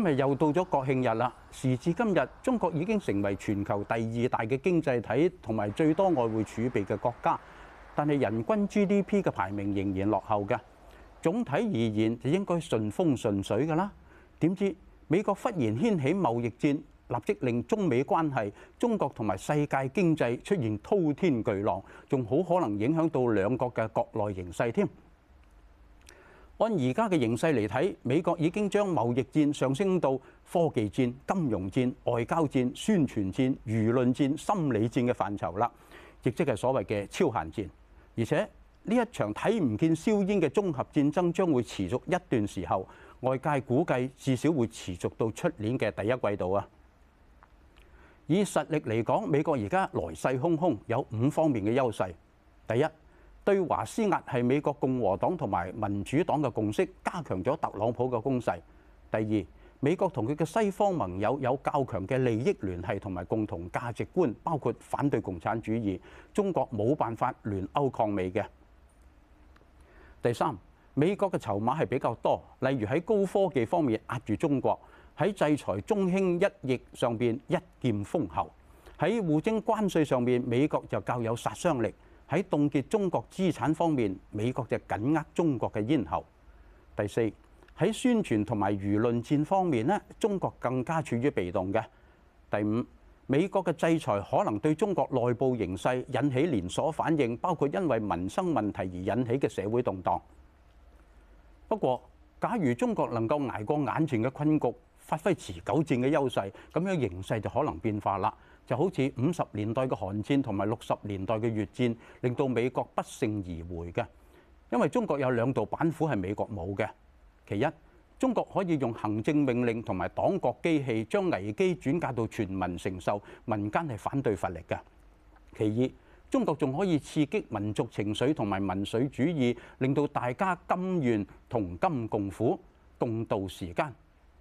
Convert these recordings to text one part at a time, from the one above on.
今日又到咗國慶日啦！時至今日，中國已經成為全球第二大嘅經濟體，同埋最多外匯儲備嘅國家，但係人均 GDP 嘅排名仍然落後嘅。總體而言，就應該順風順水噶啦。點知美國忽然掀起貿易戰，立即令中美關係、中國同埋世界經濟出現滔天巨浪，仲好可能影響到兩國嘅國內形勢添。按而家嘅形勢嚟睇，美國已經將貿易戰上升到科技戰、金融戰、外交戰、宣傳戰、輿論戰、心理戰嘅範疇啦，亦即係所謂嘅超限戰。而且呢一場睇唔見硝煙嘅綜合戰爭將會持續一段時候，外界估計至少會持續到出年嘅第一季度啊。以實力嚟講，美國而家來勢洶洶，有五方面嘅優勢。第一對華施壓係美國共和黨同埋民主黨嘅共識，加強咗特朗普嘅攻勢。第二，美國同佢嘅西方盟友有較強嘅利益聯繫同埋共同價值觀，包括反對共產主義。中國冇辦法聯歐抗美嘅。第三，美國嘅籌碼係比較多，例如喺高科技方面壓住中國，喺制裁中興一役上面一劍封喉，喺互徵關稅上面美國就較有殺傷力。喺凍結中國資產方面，美國就緊握中國嘅咽喉。第四，喺宣傳同埋輿論戰方面呢，中國更加處於被動嘅。第五，美國嘅制裁可能對中國內部形勢引起連鎖反應，包括因為民生問題而引起嘅社會動盪。不過，假如中國能夠捱過眼前嘅困局，發揮持久戰嘅優勢，咁樣形勢就可能變化啦。就好似五十年代嘅韓戰同埋六十年代嘅越戰，令到美國不勝而回嘅。因為中國有兩道板斧係美國冇嘅。其一，中國可以用行政命令同埋黨國機器將危機轉嫁到全民承受，民間係反對乏力。其二，中國仲可以刺激民族情緒同埋民粹主義，令到大家甘願同甘共苦共度時間。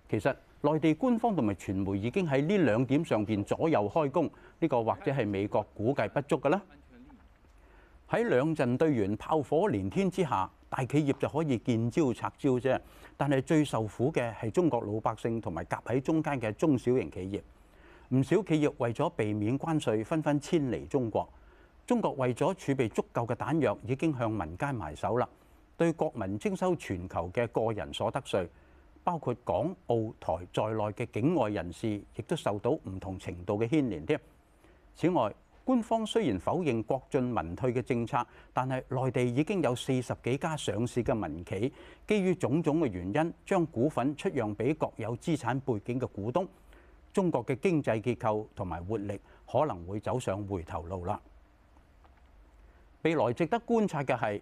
其實內地官方同埋傳媒已經喺呢兩點上邊左右開弓，呢個或者係美國估計不足嘅啦。喺兩陣對完炮火連天之下，大企業就可以見招拆招啫。但係最受苦嘅係中國老百姓同埋夾喺中間嘅中小型企業。唔少企業為咗避免關稅，紛紛遷離中國。中國為咗儲備足夠嘅彈藥，已經向民間埋手啦，對國民徵收全球嘅個人所得稅。包括港、澳、台在內嘅境外人士，亦都受到唔同程度嘅牽連添。此外，官方雖然否認國進民退嘅政策，但係內地已經有四十幾家上市嘅民企，基於種種嘅原因，將股份出讓俾國有資產背景嘅股東。中國嘅經濟結構同埋活力可能會走上回頭路啦。未來值得觀察嘅係，